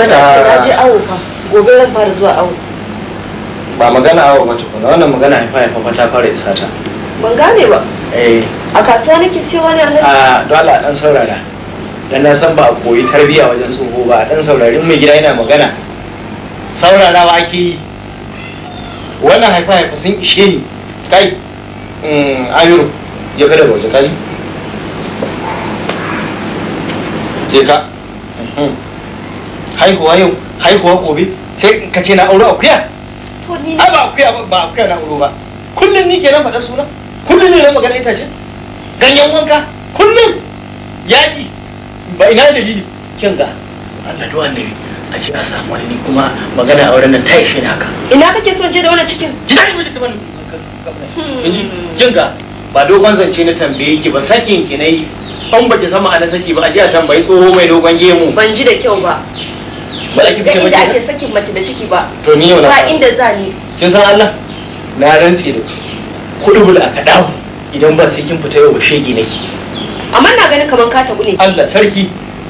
gobe da na je awo fa gobe zan fara zuwa awo ba magana awo ba tukuna wannan magana haifa haifa fa ta fara isa ta ban gane ba eh a kasuwa nake siyo wani alhaji ah, a dole dan saurara dan na san ba a koyi tarbiyya wajen tsoho ba a dan saurarin mai gida yana magana saurara ba ake yi wannan haifa haifa sun ishe ni kai mm, amiru ya kada bauta kai je ka haihuwa yau haihuwa gobe sai ka ce na aure akuya ai ba akuya ba akuya na aure ba kullum ni kenan faɗa suna kullum ne na magana ce ganyen wanka kullum yaƙi ba ina dalili kin ga Allah da annabi a ce a samu wani kuma magana a wurin nan ta ishe haka ina kake son je da wannan cikin gida ne mutum ban hmm. kin ga ba dogon zance na tambaye ki ba sakin ki nayi an baki sama na saki ba a ji a tambayi tsoho mai dogon gemu ban ji da kyau ba ba za ki fice mace ake sakin mace da ciki ba to ni yau na fara. ba inda za ni kin san Allah na rantsi da kudu bul aka dawo idan ba sai kin fita yau ba shege nake amma na ganin kamar ka tabu ne Allah sarki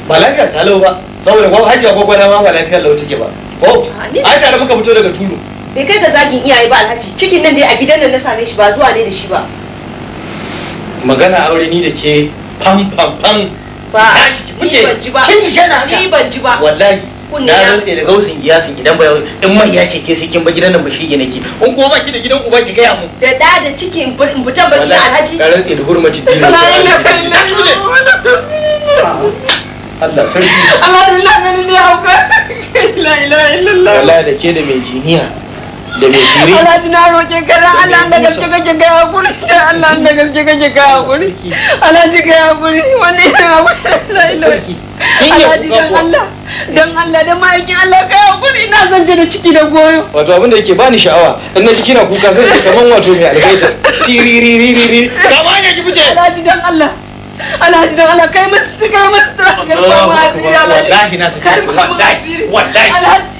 ba lafiya ta lau ba saboda ko hajiya ko gwana ma ba lafiya lau take ba ko ai tare muka fito daga tulu bai kai ga zagin iyaye ba alhaji cikin nan dai a gidan nan na same shi ba zuwa ne da shi ba magana aure ni da ke pam fam pam ba ni ban ji ba ni ban ji ba wallahi na rantse da gausin giyasin gidan ba in mai ya ce ke sai kin ba gidan nan ba shi nake in ko ba ki da gidan uba ki gaya mu da da da ciki in fita ba ki alhaji ka rantse da hurmaci dini Allah sarki Allah la ilaha illallah da ke da mai jiniya da mai firi Allah na roƙe ka Allah da gaske da gaske ga da bani sha'awa in na ciki na kuka sai kaman wato mai ka ba ne ki fice Allah ji dan Allah Allah kai kai ma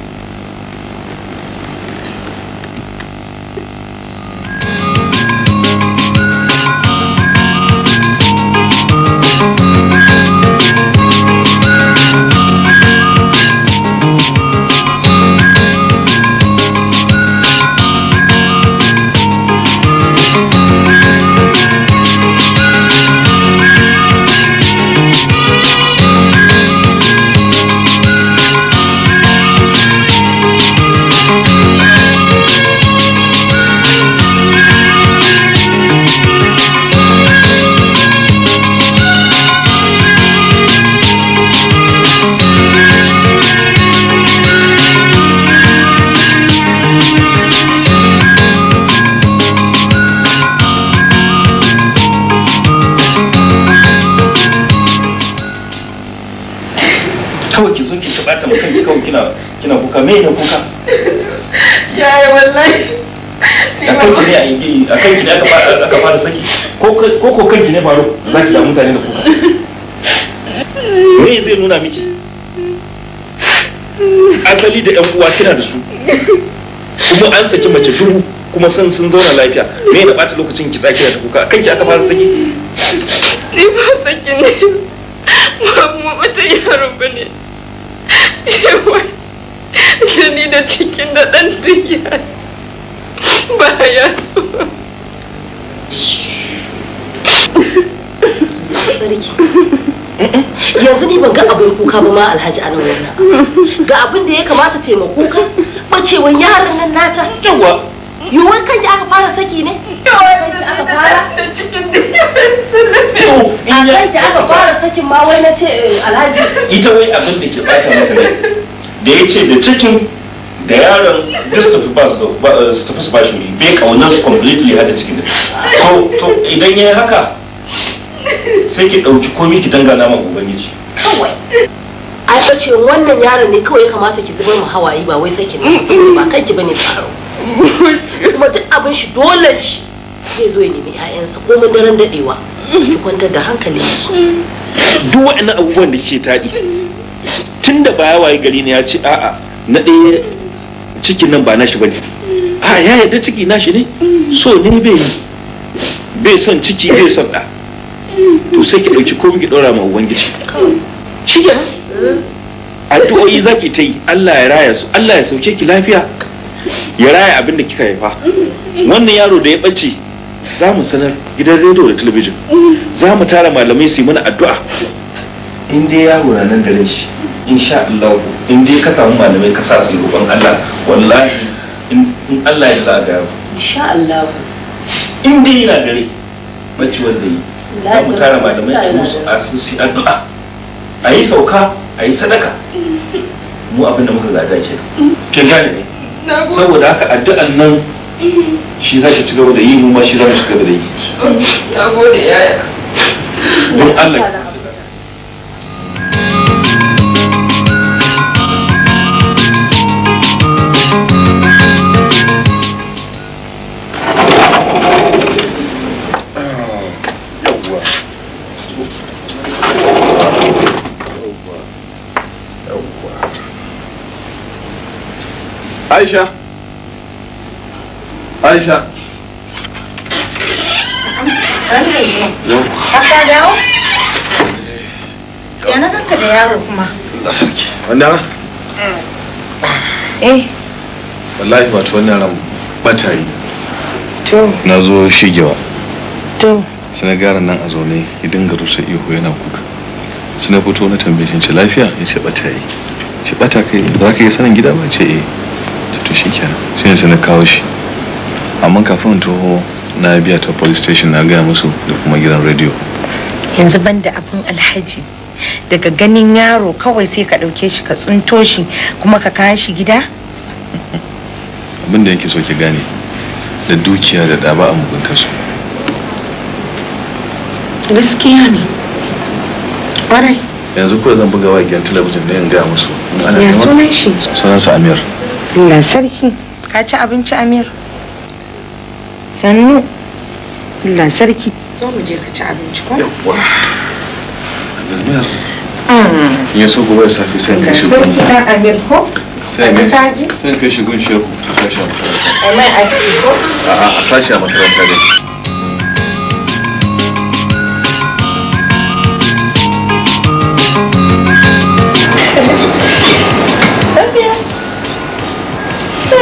ko ko kanki ne faru za ki damu mutane da kuka me zai nuna miki asali da yan uwa kina da su kuma an saki mace duhu kuma sun sun zauna lafiya me da bata lokacin ki tsaki da kuka kanki aka fara saki ni ba saki ne ba kuma wata yaro bane cewa da ni da cikin da dan duniya ba ya so Eh, eh. yanzu ni ban ga abin kuka ba ma alhaji anan wannan ga abin da ya kamata taimako ka bacewan yaran nan nata yawa yiwuwar kan aka fara saki ne aka fara a kan aka fara sakin ma wai na ce eh, alhaji ita wai abin da ke bata mata ne da ya ce da cikin da yaron duk su tafi su ba bai kaunar su completely hada cikin da to idan ya yi haka sai ki ɗauki komi ki dangana ma ubangiji kawai a ta ce wannan yaron ne kawai kamata ki zubar mu hawaye ba wai sakin ba kai ki bane faro kuma duk abin shi dole shi zai zo ya nemi ƴaƴansa mun daren dadewa ki kwantar da hankali duk waɗannan abubuwan da ke taɗi tun da baya waye gari ne ya ce a'a na ɗaya cikin nan ba nashi bane a ya yarda ciki nashi ne so ne bai yi bai son ciki bai son ɗa to sai ki ɗauki ko ki ɗora ma ubangiji shi kenan addu'o'i za ki ta yi Allah ya raya su Allah ya sauke ki lafiya ya raya abin da kika haifa wannan yaro da ya ɓace za mu sanar gidan rediyo da talabijin za mu tara malamai su yi mana addu'a in dai yaro na nan garin shi insha Allah in dai ka samu malamai ka sa su roƙon Allah wallahi in Allah ya za ga yaro insha Allah in dai yana gare bacci wanda yi da mu tara malamai a musu asusi addu'a a yi sauka a yi sadaka mu abin da muka gada ke kin gane ne saboda haka addu'an nan shi za shi ci gaba da yi mu ma shi za mu ci gaba da yi don Allah aisha aisha ka dawo ya na ganka da yaro kuma da sarki wanda eh, eh. wallahi wato wannan ran bata yi to na zo shigewa to sai gara nan a zaune ya dinga rusa ihu yana kuka sai na fito na tambaye shi lafiya ya ce bata yi ce bata kai za ka yi sanin gida ba ce eh to shi kenan sai yanzu na kawo shi amma kafin toho na biya ta police station na gaya musu da kuma gidan radio yanzu ban da abin alhaji daga ganin yaro kawai sai ka ɗauke shi ka tsunto shi kuma ka kawo shi gida abin da yake so ki gane da dukiya da daba a mugun kasu. gaskiya ne kwarai. yanzu kuwa zan buga wa gyan talabijin da yin gaya musu ya sunan shi sunan amir Allah sarki ka ci abinci Amir sannu Allah sarki zo mu je ka ci abinci ko yawwa Amir ah. ya so gobe safi sai ka shigo sarki dan Amir ko sai ka ji sai ka shigo sheku a sashen makaranta a mai aiki ko a sashen makaranta dai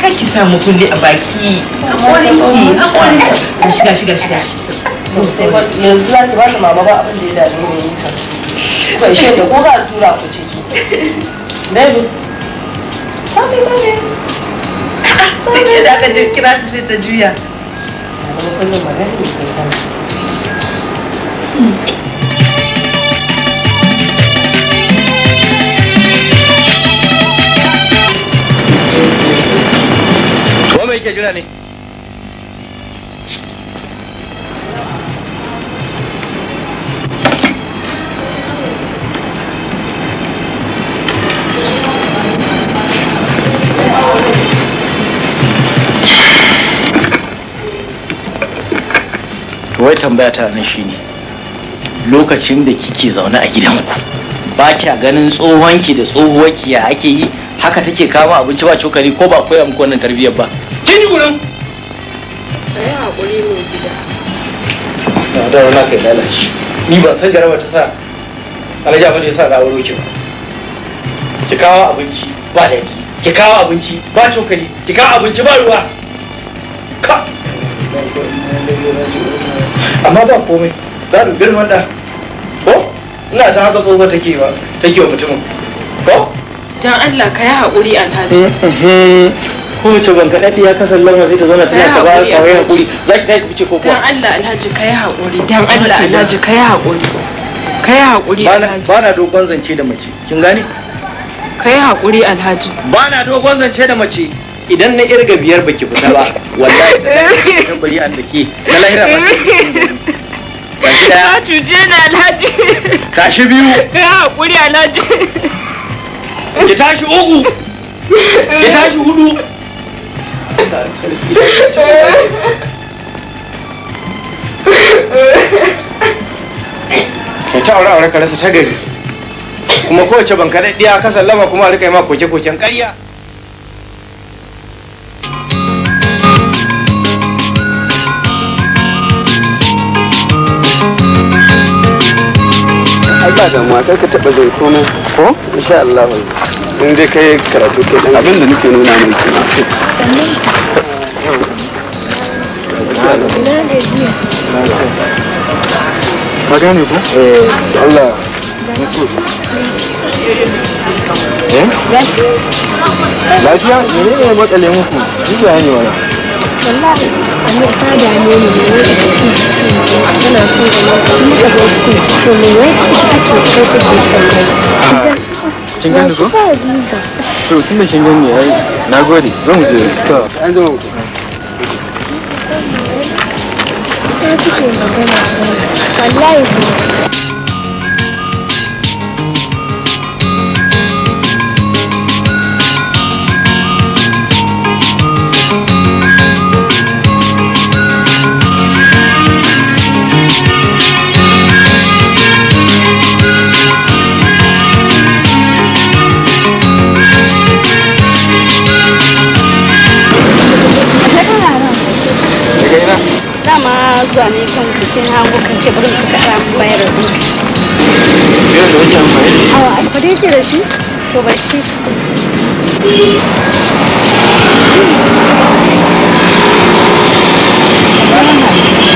kaki samu kulle a baki haƙorinki haƙorinki a shiga shiga shiga yanzu za ki ba da mama ba abin da ya dame ni ka kai shi da ko a tura ku ciki baby sami sami sami da aka je kira ta sai ta juya kullum magana ne kai kake jira wai tambaya ta nan ne. lokacin da kike zaune a gidanku ba kya ganin tsohonki da tsohuwarki ya ake yi haka take kama abinci ba cokali ko ba koya muku wannan tarbiyyar ba kai ni gurin kai hakuri mai gida na da wani kai lalace ni ban san jarabar ta sa alaja ba ne sa da aure ki ba ki kawo abinci ba daɗi ki kawo abinci ba cokali ki kawo abinci ba ruwa ka amma ba komai za mu girman da ko ina ta haka tsofa take ba take wa mutumin ko dan Allah ka yi haƙuri a tare ko mace ban kaɗaɗi ya kasar launa sai ta zauna tana ta ba kawai haƙuri za ki tashi ce ko kuwa. Dan Allah alhaji ka yi haƙuri dan Allah alhaji ka yi haƙuri ka yi haƙuri alhaji. Ba na dogon zance da mace kin gane? Ka yi haƙuri alhaji. Ba na dogon zance da mace idan na irga biyar baki fita ba wallahi ta bari an dake na lahira ba ka cuce na alhaji tashi biyu ka haƙuri alhaji ki tashi uku ki tashi hudu ke ta aure aure ka rasa ta gari kuma kowace banka daɗiya ka sallama kuma a rika yi ma koke-koken ƙarya Allah da matar ka taɓa zai komai ko insha Allah in dai kai karatu ke dan abin da nake nuna mai kuma ka gane ko eh Allah eh? Eh? lafiya ne matsale muku jiya ne wallahi ta dame ne da cikin 我出来一趟，是我真的心疼你，难过的，那么久，对吧？哎，都。那是什么？我来一个。zuwa ne kan cikin hango kan ce bari ka kaɗa mu bayar da da amfani da shi? Awa, alfadai yake da shi? To ba shi. Thank you.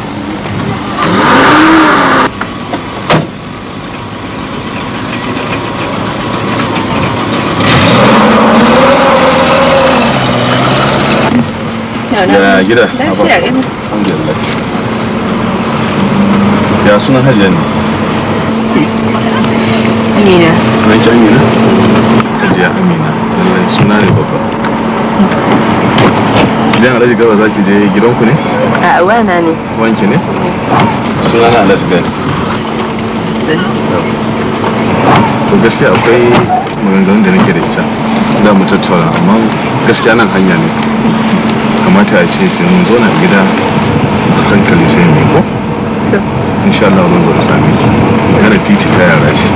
ya gida alhamdulillah ya sunan hajiya ne amina sunan ki amina hajiya amina lallai suna ne babba gidan alhaji garba za ki je gidanku ne a wana ne wanki ne suna na alhaji gani to gaskiya akwai maganganun da nake da ita da mu tattauna amma gaskiya nan hanya ne kamata a ce sai mun gida a hankali sai mai ko insha Allah zan zo sami titi ta yara shi.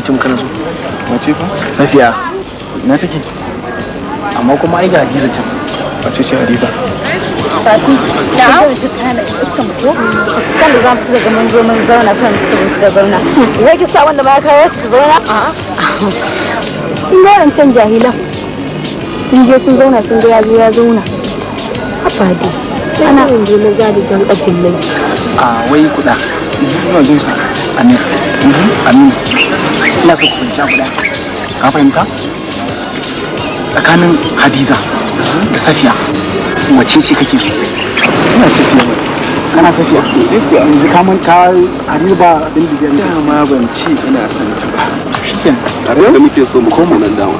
kake ce kana so wace fa safiya na take amma kuma ai ga hadiza can wace ce hadiza fati da an ji kana iska mutu kan da za mu ga mun zo mun zauna kan cika mu suka zauna wai ki sa wanda ba ka kawo su zauna in ga san jahilan sun je sun zauna sun ga ya zo ya zauna abadi ana yin dole za da jan bacin lai a wai kuda ina amin mhm, amin ina so ku fahimci abu ka fahimta tsakanin hadiza da safiya wace ce kake so ina safiya kana safiya sosai yanzu ka man ka hadiza ba abin da gani ban ce ina son ta ba shikin da muke so mu koma nan dama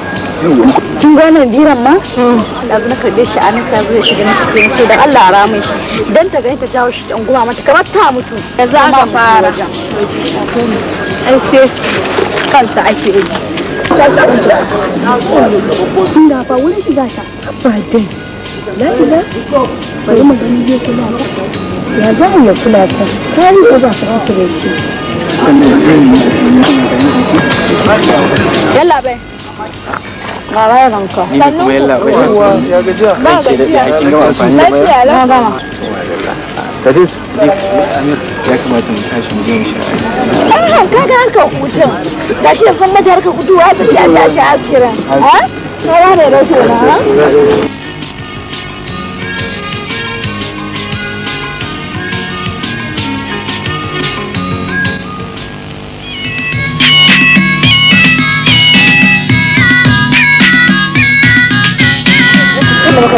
kin biran ma yanzu na karbe shi ta zai shiga na cikin ce dan Allah ara min shi dan ta ta jawo shi dan mata kamar ta mutu yanzu an fara ai sai kansa ake yi Ina ba wani shiga ta ba dai. bari mu gani zai kula ta. Ya za mu ya kula ta. ko ba da shi. Yalla bai. ranka. Ni kuma yalla bai. gajiya. Ba gajiya. ya kamata mu tashi mu je mu sha ka ga hanka hutun gashi da san mata harka guduwa ta tashi a kira ha kawa ne da ha maka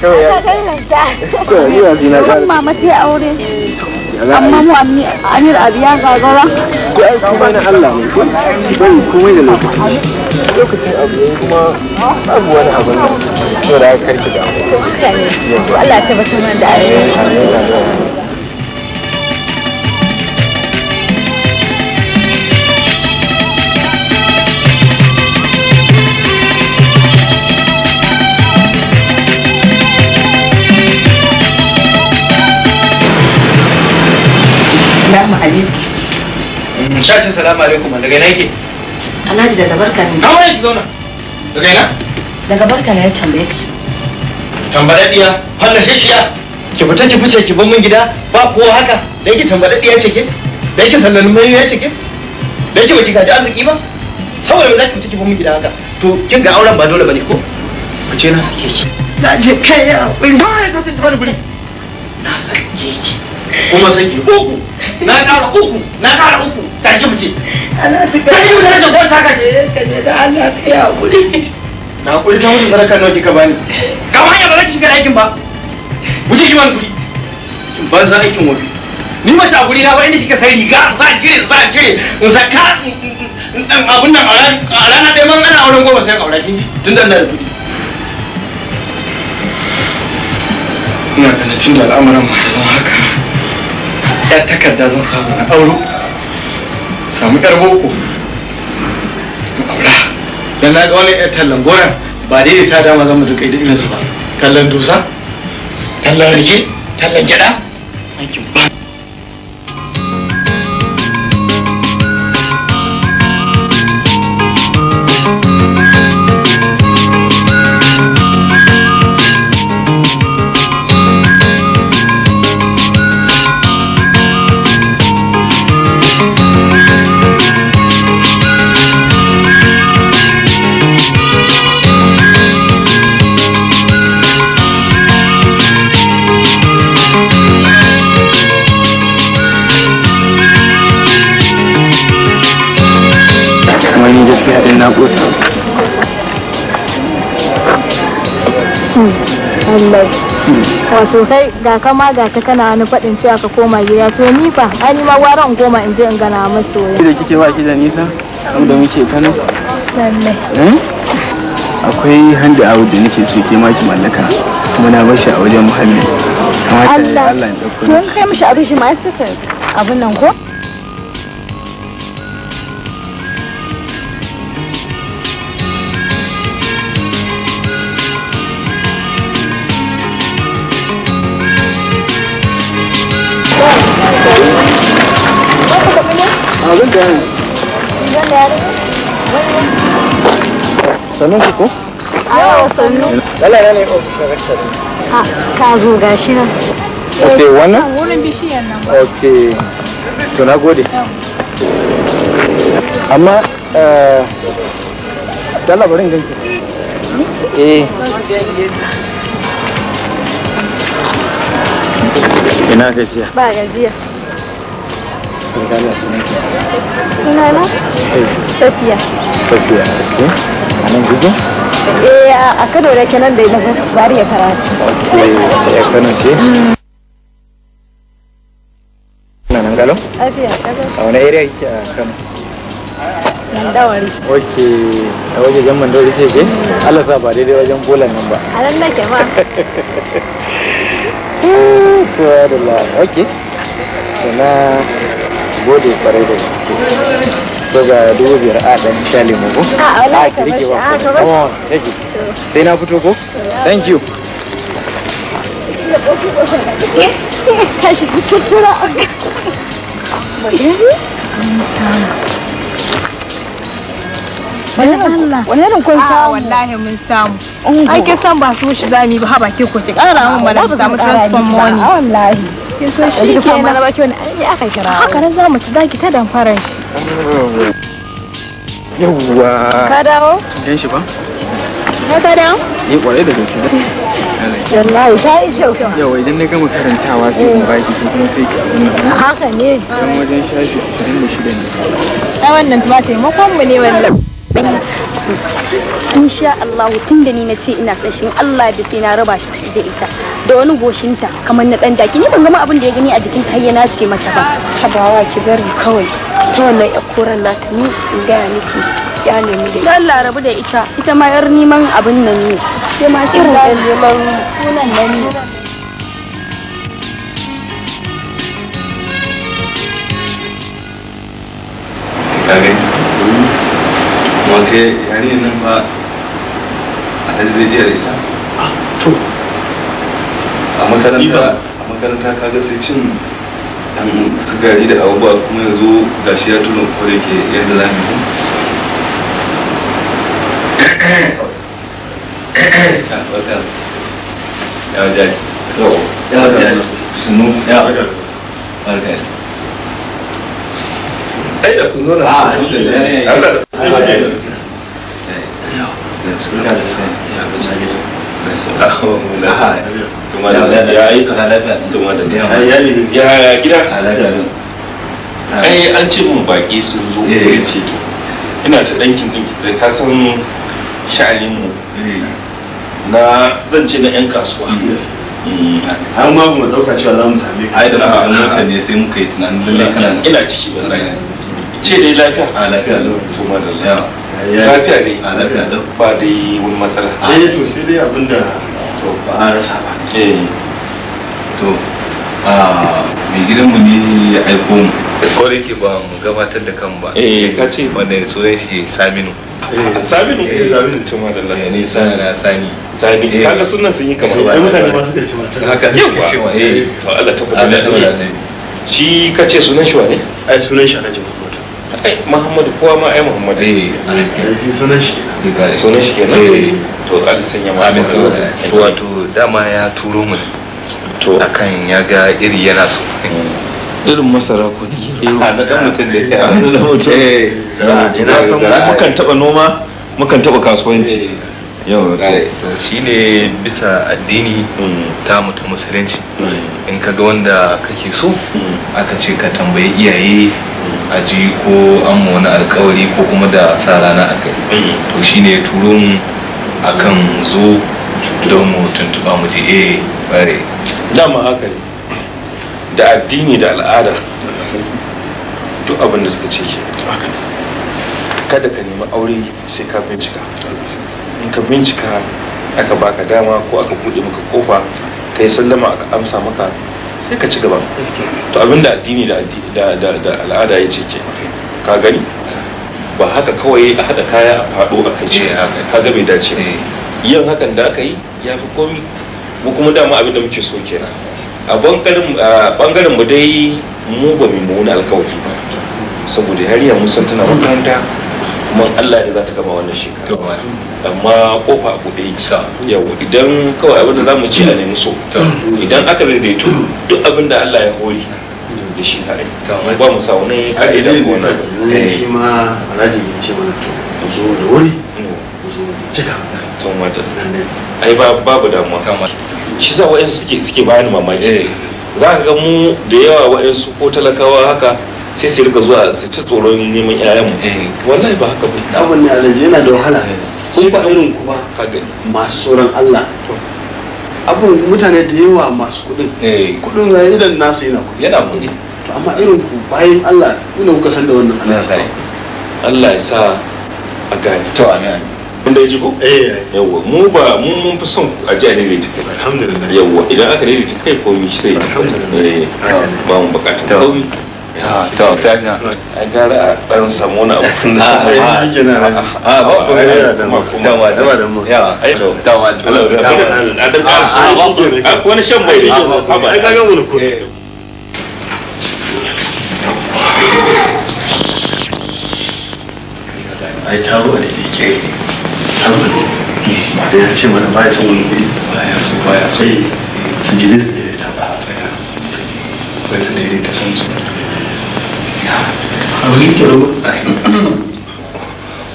zo da ina amma mu amir gagara ko ai kuma na Allah ne komai da lokacin shi lokacin abu yayi kuma babu wani abu ne to da aka karki da Allah ya tabbatar mana da ayyuka Salamu alaikum. Shashin salamu alaikum wanda gane yake. Alhaji daga barka ne. Kawai ki zauna. Daga ina? Daga barka ne ya tambaye ka. Tambadadiya, fallashishiya. Ki fita ki fice ki bar min gida ba kowa haka. Dan ki tambadadiya ce ke? Dan ki sallalin mai ya ce ke? Dan ki baki gaji arziki ba? Saboda me za ki fita ki bar min gida haka? To kin ga auren ba dole bane ko? Ku ce na sake ki. Na je kai ya. Ba ya ka fita bani guri. Na sake ki. kuma saki uku na ƙara uku na ƙara uku tashi mu ce tashi mu ce ko taka ce ka je da Allah ka ya hakuri na hakuri ta wuce sadaka nawa kika bani ka ga hanya ba za ki shiga aikin ba mu je ki bani kuɗi ban san aikin wabi ni mace a guri na ba inda kika sai riga za a cire za a cire in saka abun nan a rana ɗaya man ana auren goma sai ƙaura kin tun da na da ina ganin tun da al'amuran ma ya zama haka yar takarda zan samu na auro samu yar boko aura ba ta dama zan duka da irinsu dusa tallan rike tallan gyada ba wato kai ga kama ga ta kana wani faɗin cewa ka koma gida to ni fa ai ni ma gwara in koma in je in gana masoya ki da kike ba ki da nisa mu da muke Kano lalle eh? akwai handi awu da nake so ke maki mallaka kuma na bar shi a wajen muhalli Allah Allah ya dauko Kun kai mishi abin shi ma sai abin nan ko sannan ku ko awo sannu lalana ne ofisar rakshar ha ta zo gashi nan ok wannan wurin bishiyar nan ok to na gode amma eh, eh. ina gajiya ba gajiya eh. safiya safiya a nan gudu? eh a kano da kenan da na bari ya karatu ok ya kano ce? Mm. na nan galo? a wani area yake a kano? Mandawari. Ok, a waje jan mandawari ce ke? Mm. Allah sa ba daidai wajen bolan nan ba. A nan nake ma. Tuwa da la, ok. Sana gode kwarai da gaske. so ga dubu biyar a dan sha lemu ko a wallahi rike ba come on take it sai na fito ko thank you wani irin kun samu wallahi mun samu ai kin san ba su mu yi ba haba ke ko ki kara mun bala samu transfer money wallahi kin so shi ke na ba ki wani ai aka kira haka nan zamu ci daki ta dan fara shi yawwa ka dawo gan shi ba ka ka dawo eh kwarai da gaske wallahi ta yi kyau yawa idan na gama karantawa sai in baki ko kuma sai ki abin haka ne dan wajen shashi 26 ne Ta wannan ta taimako mu ne wannan. insha Allah tun da ni na ce ina sashin Allah da sai na raba shi da ita da wani goshinta kamar na dan daki ni ban gama abin da ya gani a jikin ta yana ce mata ba Ka habawa ki bari kawai ta wannan yar koran ta ni in ga miki ya nemi da Allah rabu da ita ita ma yar neman abin nan ne sai ma dan neman sunan nan ne Okay. ke yari nan ba a da zai jiya da ita ah, to a makaranta a makaranta ka ga sai cin dan sigari da abubuwa kuma yanzu shi ya tuno ko da ke yadda za mu ya jaji ya jaji sunu ya barka ai da kun zo da ah, ya ai an ce mun baki sun zo wuri ce to ina ta ɗankin tsinki da ka san sha'anin mu na zan ce na 'yan kasuwa har ma mu ɗauka cewa za mu same ka ai da muka ne sai muka yi tunanin lallai kana ina ciki ba zai ce dai lafiya a lafiya lau to madalla lafiya dai a lafiya lau ba dai wani matsala eh to sai dai abinda to ba a rasa ba eh to a mai gidanmu ne ya aiko mu kore ke ba mu gabatar da kan ba eh ka ce wanda ya tsoron shi saminu eh. saminu eh saminu to lafiya eh, ne sani na sani sani eh. kaga sunan sun yi kamar ba mutane ba su karci mata haka ne ke cewa eh to Allah ta kuma shi ka ce sunan shi wa ne ai sunan shi alhaji ai muhammadu kowa ma ai muhammadu eh sunan shi kenan sunan shi kenan to ali sanya ma ali wato dama ya turo mu to akan ya ga iri yana so irin masara ko ne eh, a na dan mutum da ke a na dan mutum eh mukan taba noma mukan taba kasuwanci eh. yau shi ne bisa addini hmm. ta mutu musulunci hmm. in ka ga wanda kake so hmm. aka ce ka tambayi iyaye a ji ko an wani alkawari ko kuma da sa rana a kai mm. to shine ne turo mu kan zo don mu tuntuɓa mu je eh bare dama haka ne da addini da al'ada duk abin da suka ce ke kada ka nemi aure sai ka bincika in ka bincika aka baka dama ko aka buɗe maka kofa ka yi sallama aka amsa maka sai ka ci gaba to abin da addini da al'ada ya ce ke ka gani ba haka kawai a haɗa kaya a faɗo a kai shi eh, ka ga bai dace eh. yin hakan da aka yi ya fi komi mu kuma dama abin da muke so kenan a bangaren mu dai mu ba mu wani alkawari ba saboda yariya musa tana makaranta kuma Allah ne za ta gama wannan shekara amma kofa a buɗe yake idan kawai abin da za mu ci a nemi so idan aka daidaito duk abin da Allah ya hori da shi tare ba mu sa wani kare da gona eh. shi ma alhaji ya ce mana to zo da wuri zo cika to mata ai babu damuwa shi sa wa'ansu suke bani mamaki eh. za ka ga mu da yawa wa'ansu ko talakawa haka sai su rika zuwa su ci tsoron neman yayan mu eh. wallahi ba haka bane abin ne alaji yana da wahala sai ba irin ku ba masu tsoron Allah abin mutane da yawa masu kudin eh. kudin na idan nasu yana kudi yana kudi to amma irin ku bayan Allah ina kuka san da wannan Allah Allah ya sa a gani. to amin kun da ji ko eh, yawa mu ba mu mun fi son a ji ne ta kai alhamdulillah yawa idan aka ne ta kai komi sai alhamdulillah ba mu bukatun kawai. to ta ga a gara a dan samu na abun da a a ba ku ne da mu da ma da mu ya ai da ma da mu da da da ko ne shan da ba ai ga mu ku ai taro da ke taro ne ba da ya ce mana ba ya san wani ba ya so ba ya so sun ji ne su daidaita ba a tsaya sai su daidaita kansu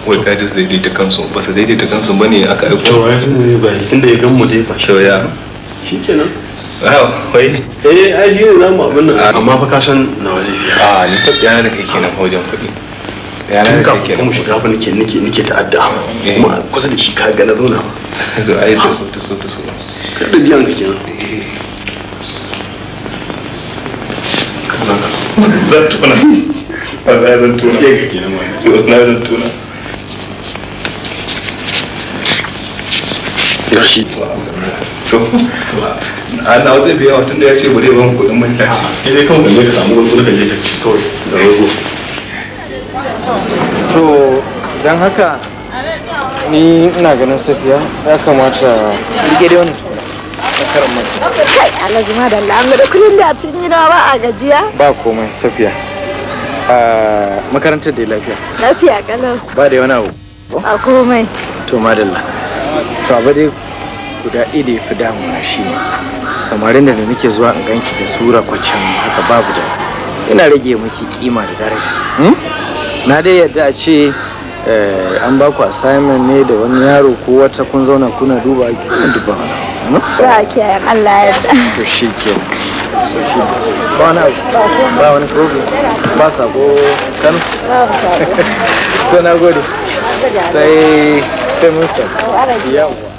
wai ka ji su daidaita kansu ba su daidaita kansu ba ne aka aiko to wai ne ba tun da ya gan mu dai ba shi ya shikenan wai eh ai shi ne mu abin nan amma fa ka san nawa zai biya a ah, ni fa tsaya da kai kenan wajen kuɗi tun kenan. kuma shiga fa nake nake nake ta'adda eh. kuma kusa da shi ka ga na zauna ba zo ai ta so ta so ta so ka da biyan ka kenan eh. za ta tukuna wallahi zan tona ke ka kenan wannan wallahi zan tona yashi to ana zai biya wa tunda ya ce bare ban kudin mai kaci idan kan kaje ka samu wani kudin kaje ka ci kawai da rogo to don haka ni ina ganin safiya ya kamata rike dai wannan karan mai kai ala ma da Allah amma da kullun da cin yi ba a gajiya ba komai safiya a makarantar da lafiya lafiya kalau ba da wani abu a komai to madalla to abu dai guda ɗaya da ya fi damuwa shi ne samarin da nake zuwa in ganki da sura kwacin haka babu da ina rage miki kima da daraja hmm? na dai yadda a ce eh, an ba ku assignment ne da wani yaro ko wata kun zauna kuna duba dubban hmm? Allah ya to shi kenan ba wani abu ba wani problem ba sako kano to na gode sai sai mun yawwa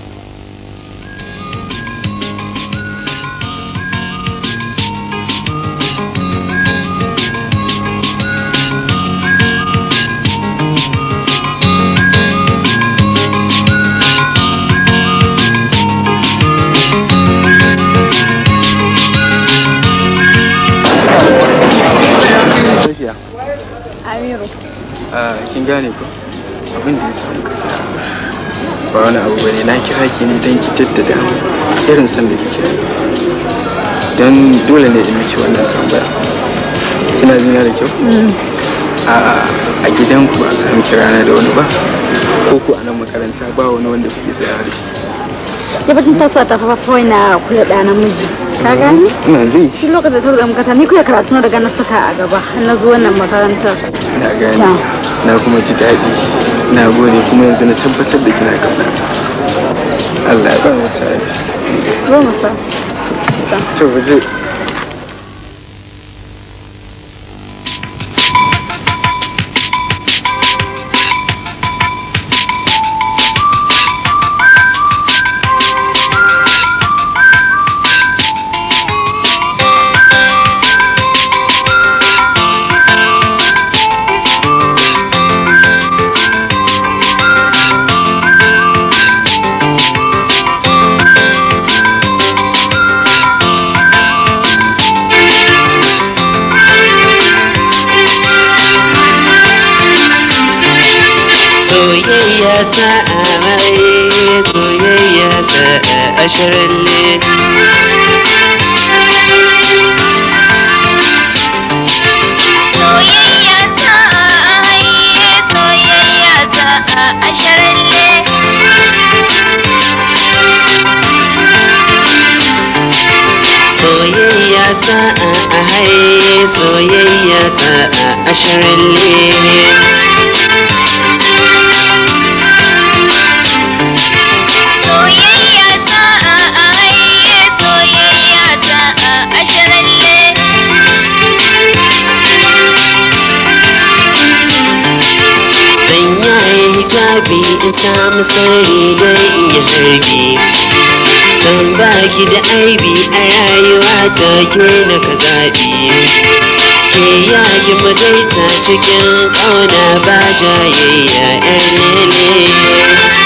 gane ko abin da ya samu ka ba wani abu bane na kira ki ne don ki jaddada irin san da kike don dole ne in miki wannan tambaya kina jina da kyau mm. a gidan gidanku ba sami kirana da wani ba ko ku a nan makaranta ba wani wanda kuke tsaya da shi ya bacin sa ta fafa kawai na kula da miji ka mm. gani ina ji shi lokacin da ta rubuta makaranta ni kuya karatu na daga na saka a gaba na zo wannan makarantar na gani na kuma ji daɗi na gode kuma yanzu na tabbatar da kina kaunata Allah ya ba mu tare ba mu ta to ki da aibi a yayuwa ta gina na ka zaɓi ke yaki mu cikin ƙauna ba jayayya 'yan lele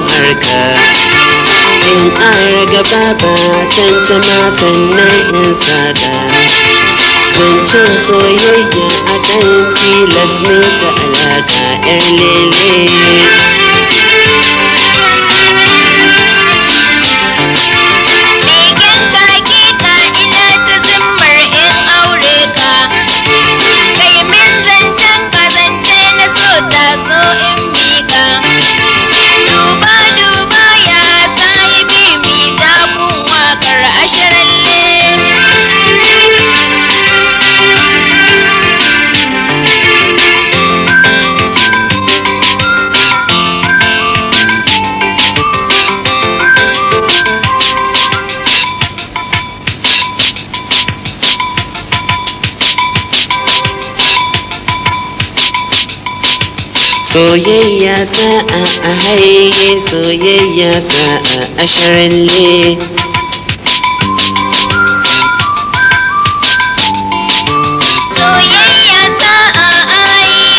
harka in an raga baba tantama sannan in saka zancen soyayya a kan tilas ta alaka 'yan lele soyayya sa'a a haye soyayya sa'a a sharalle soyayya sa'a a haye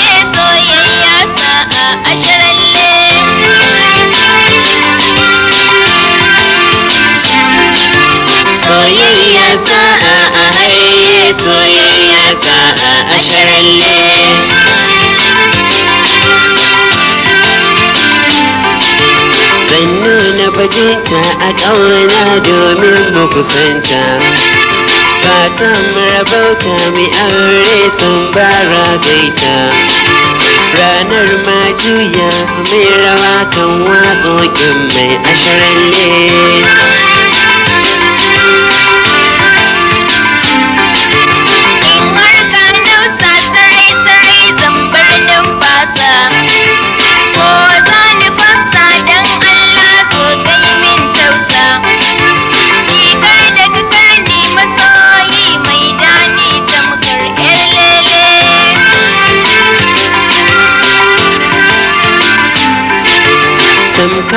soyayya sa'a a sharalle bajinta a ƙaunana domin mu kusanta fatan marabauta mai aure sun bara gaita ranar ma juya mai rawa kan waƙoƙin mai ne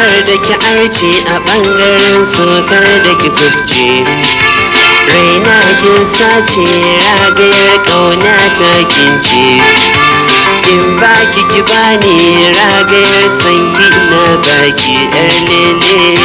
kar da ki arce a ɓangaren su da ki kubce raina kin sace ragayar ƙauna ta kince in ba ki ki bani ragayar sanyi na baki ɗan lele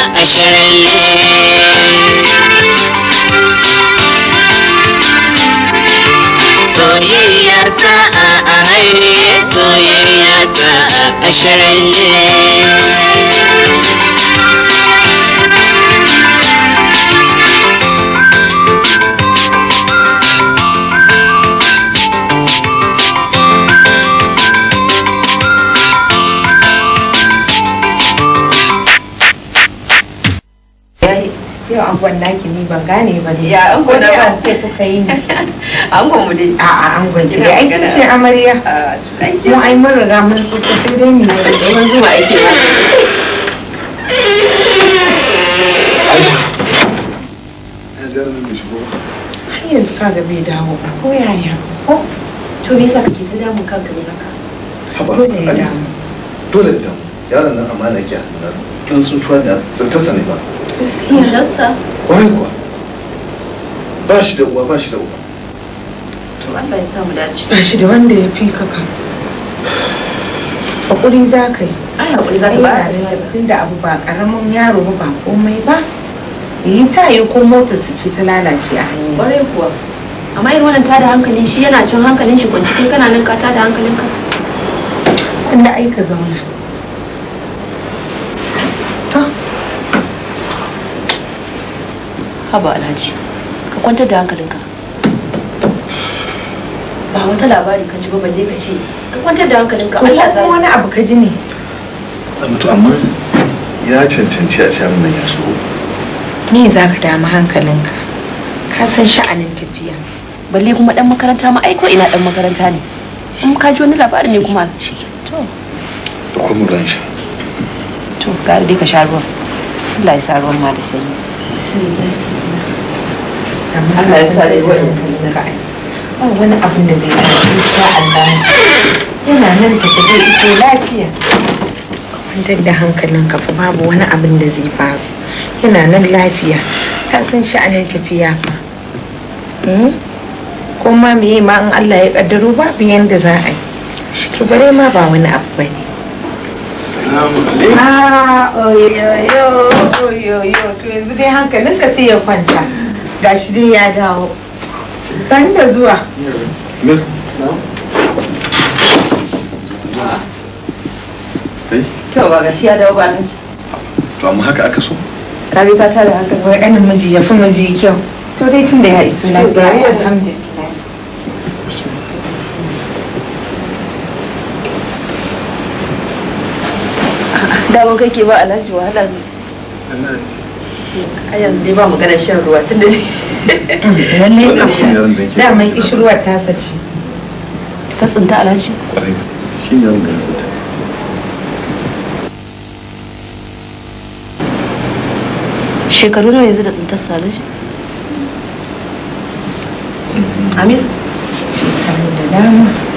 ashirin soyayya sa'a a haire soyayya sa'a ashirin ni ban gane ba ne ya an gona ba ce kuka yi ni an gona dai a a an gona dai ai kin ce amarya ah, mu ai mun riga mun tsuta sai dai ni ne da mun zuwa ake ba Ai yanzu ga bai dawo ba ko yaya ko to me yasa kake ta damu kanka ne haka dole ya damu dole ya dawo. yaron nan amana ke hannun kin tsutuwa da tsirtasa ba Kwarai kuwa. Ba shi da uwa ba shi da uwa. To Allah ya samu dace. Ba shi da wanda ya fi ka kan. Hakuri za ka yi. Ai hakuri za ka ba. Tun da abu ba karamin yaro ba ba komai ba. Yi ta yi ko motar su ce ta lalace a hanya. Kwarai kuwa. Amma irin wannan tada hankalin shi yana cin hankalin shi kwanci kai kana nan ka tada hankalin ka. Inda ai zauna. haba alhaji ka kwantar da hankalinka ba wata labari ka ji ba balle ka ce ka kwantar da hankalinka Allah za wani abu ka ji ne mutu amma ya cancanci a ce abin nan ya so ni za ka dama hankalinka ka san sha'anin tafiya balle kuma dan makaranta ma aiko ina dan makaranta ne in ka ji wani labari ne kuma to to kuma ran shi to ka dai ka sha ruwan Allah ya sa ruwan ma da sanyi bismillah Allah ya sa dai wa'in ka ba wani abin da zai yi Allah yana nan ka tafi ito lafiya kwantar da hankalin ka fa babu wani abin da zai faru yana nan lafiya ka san sha'anin tafiya fa hmm? kuma yi ma in Allah ya kaddaro babu yanda za a yi shi bare ma ba wani abu ba ne Ah, oyoyo, oyoyo, yo, yo, yo, hankalinka yo, ya kwanta. ga shi dai ya dawo san da zuwa to ba ga shi ya dawo ba nan to amma haka aka so ka bi fata da hankali wai ɗanin miji ya fi miji kyau to dai tun da ya iso lafiya alhamdulillah Dawon kake ba alhaji wahala ne. a yanzu dai ba magana shan ruwa tun da ta sace ta tsinta alhaji ne ya shekaru nawa yanzu da tsintar salashi mm-hmm. amin shekaru da dama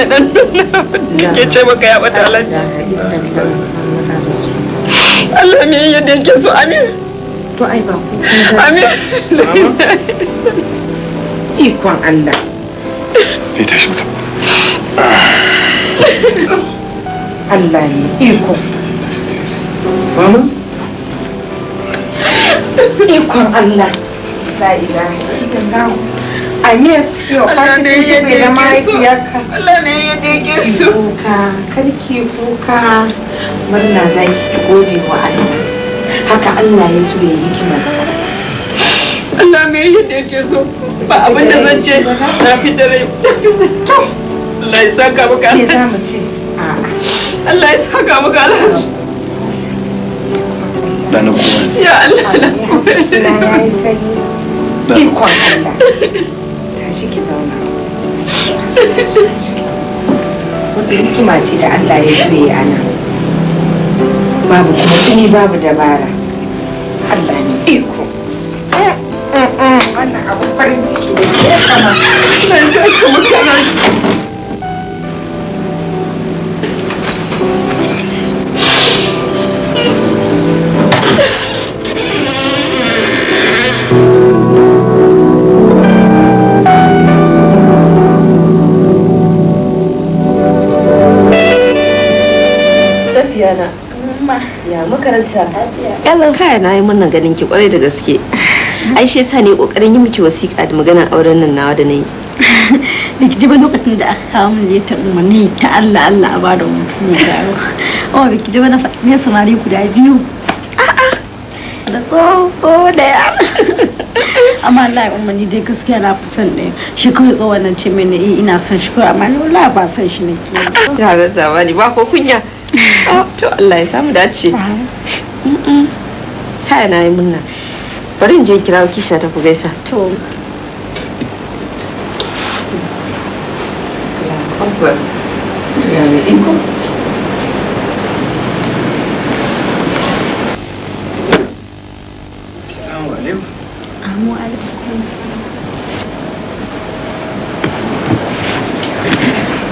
ne dan ke ce maka ya bata alaji Allah me amin to ai ba ku amin ikon Allah mutum Allah ne mama ikon Allah la ilaha illallah Amir, yau ka ci da mahaifiyarka. Allah ne ya dege k'i Kuka, k'i kuka. Murna za ki gode wa Allah. Haka Allah ya so ya yi Allah ne ya dege Ba abin da zan ce na fi da rai. Allah ya saka maka alhaji. Ke za mu ce? Allah ya saka maka alhaji. Dana kuma. Ya Allah, kuma. ya Allah. wata hikima ce da Allah ya shirya ana babu kuma tuni babu dabara Allah ne iko mm, mm, mm. wannan abu farin ciki da ke kama na zai na. Ya makaranta. Yallon kaya na yi murnan ganin ki kwarai da gaske. Ai shi yasa ne kokarin yi miki wasiƙa da maganar auren nan nawa da nayi. Da ki ji ba lokacin da aka kawo min letar umarni ta Allah Allah a ba da mutum ya dawo. Oh da ki ji na faɗi samari guda biyu. A'a. Da tsoho da yaro. amma Allah ya umarni dai gaskiya na fi son ɗaya shi kawai tsohon nan ce mai na eh, ina son shi kawai amma ni wala ba son shi nake. Ya zama ne ba ko kunya. to Allah ya samu dace haya na yi munna bari in je kira kisha ta ku gaisa to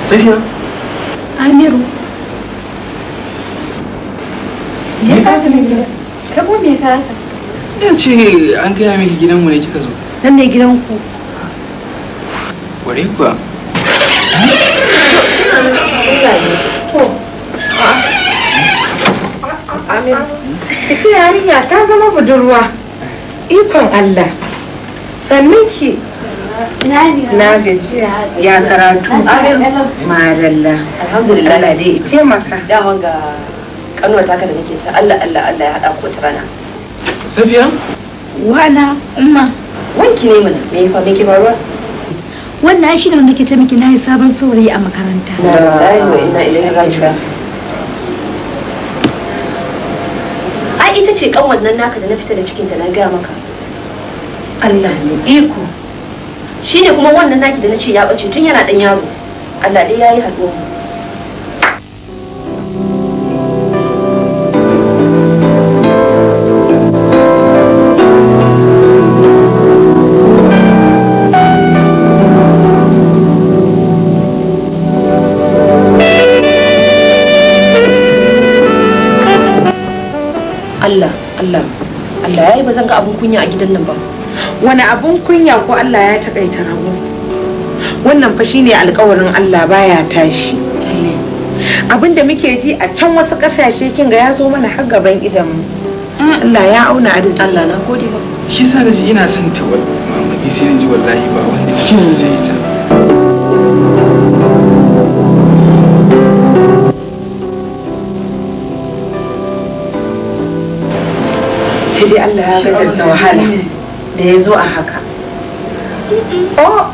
Sofiya? Amiru. me ka haka mai gida ka kuma me ka haka ina ce an gaya miki ne kika zo nan ne gidanku kuwa ita yarinya ta zama budurwa ikon Allah sannan ki na gajiya ya karatu amin madalla alhamdulillah dai kanuwar taka da nake ta Allah Allah Allah ya haɗa ko ta rana. Safiya? Wana umma. Wanki ne mana me fa me ke faruwa? Wannan shi ne wanda ke ce na yi sabon saurayi a makaranta. Na yi wa inna ilaihi raji'un. Ai ita ce kan wannan naka da na fita da cikin ta na ga maka. Allah ne iko. Shi ne kuma wannan naki da na ce ya ɓace tun yana ɗan yaro. Allah ya yi haɗuwa Allah Allah Allah yayi ba zan ga abun kunya a gidan nan ba wani abun kunya ko Allah ya takaita rago wannan fa shine alƙawarin Allah baya tashi abin da muke ji a can wasu ƙasashe kin ga ya zo mana har gaban idan mm. Allah ya auna arziki Allah na gode ba shi sa da ji ina son ta wallahi mama sai ji wallahi ba wanda shi sosai ta shi dai Allah ya da wahala da ya zo a haka oh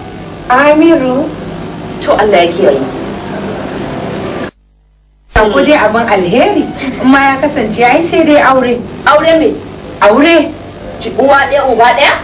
amiru to Allah ya kiyaye ku dai abin alheri ma ya kasance ai sai dai aure aure me aure uwa ɗaya uba ɗaya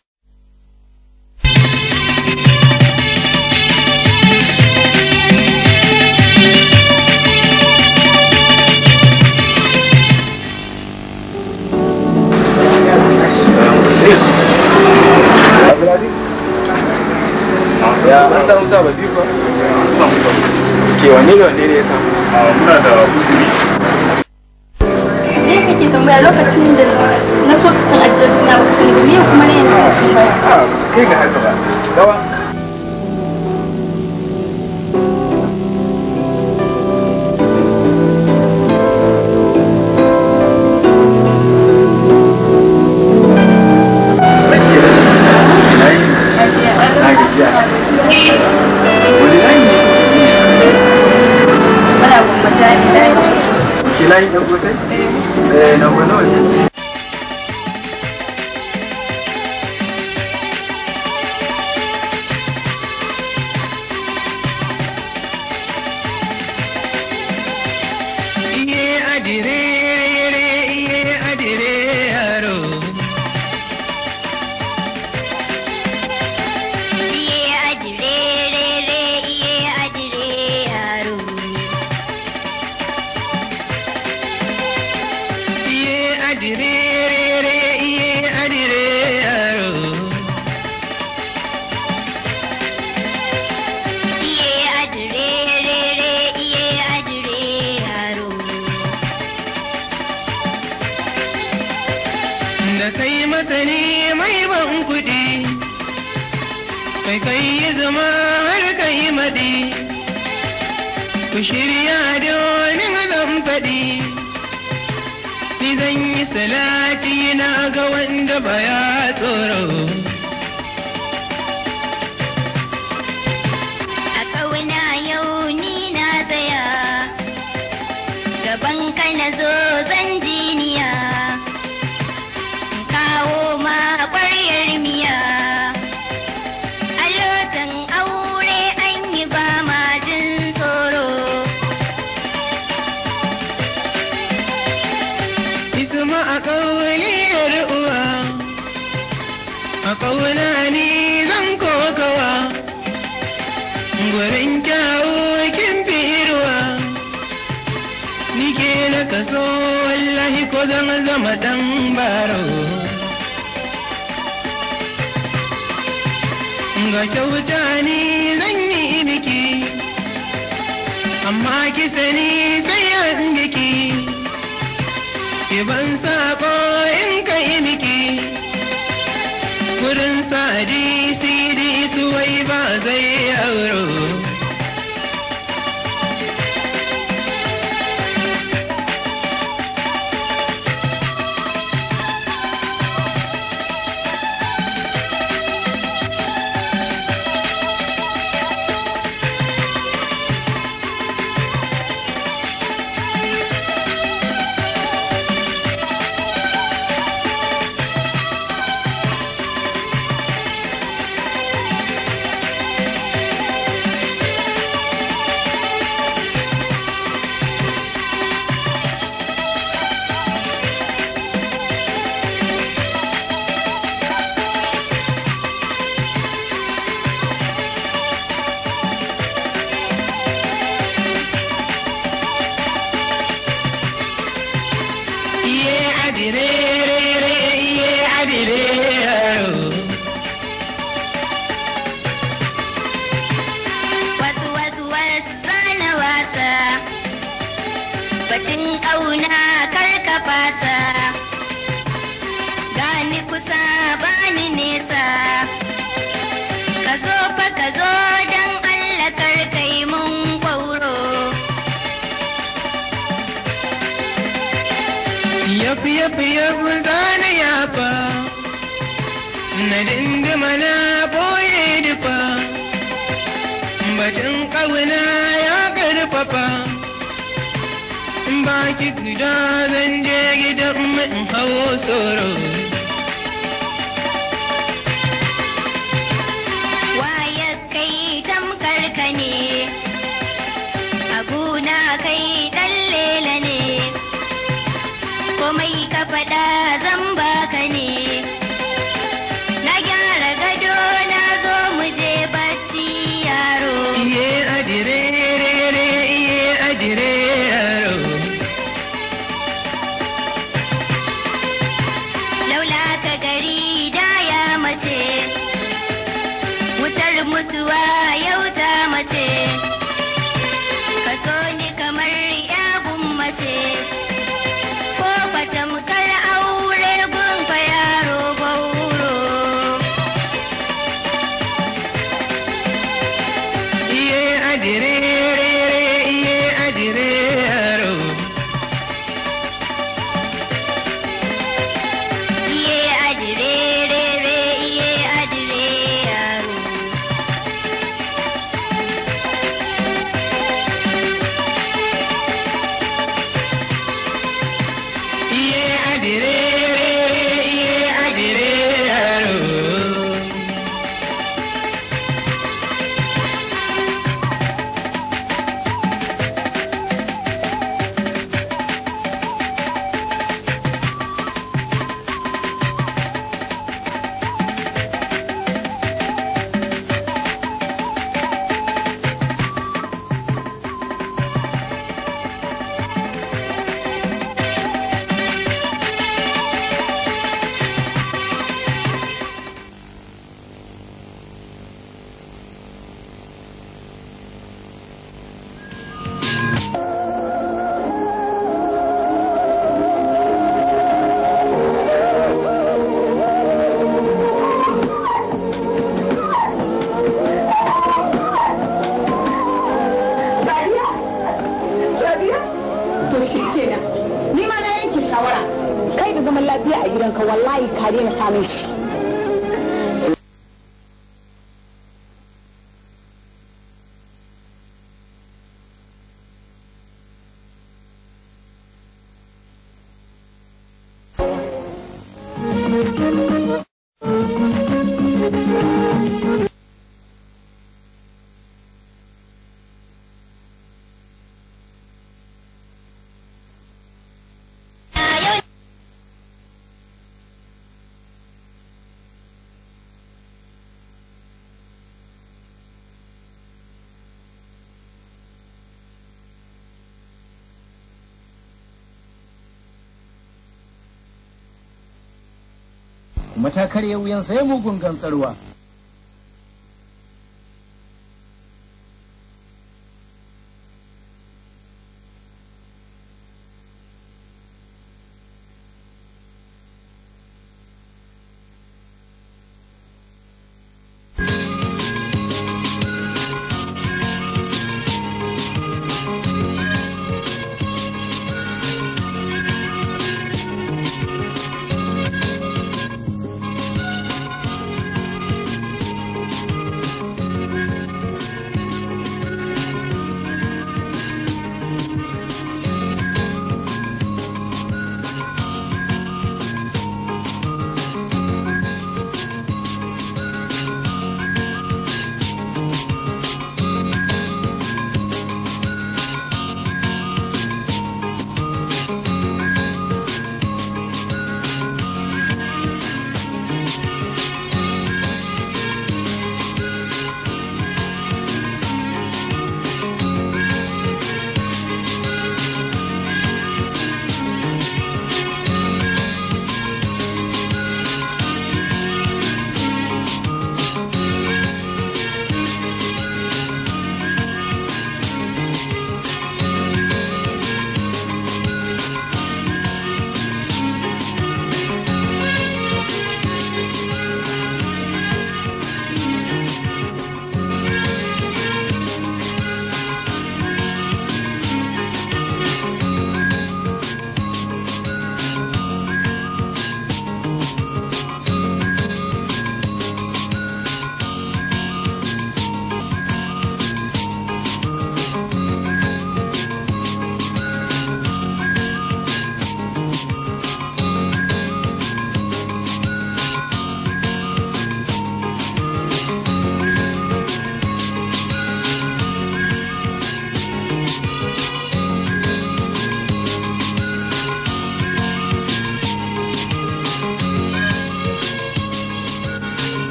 sa ba biyu ba ke wanne da wanne ne ya samu muna da uzuri ne kake tambaya lokacin da na so ka san na ba ka sani me kuma ne yanzu kai ga haka ba gawa Benny! ƙauna karka fasa gani kusa bani nesa ka zo fa ka zo don Allah karkai mun kwauro yafi yafi yafi ya fa na dindima na boye dufa bajin ƙauna ya karfafa. baki guda zan je gidan in hau soro matakar ya wuyan ya mugun gantsarwa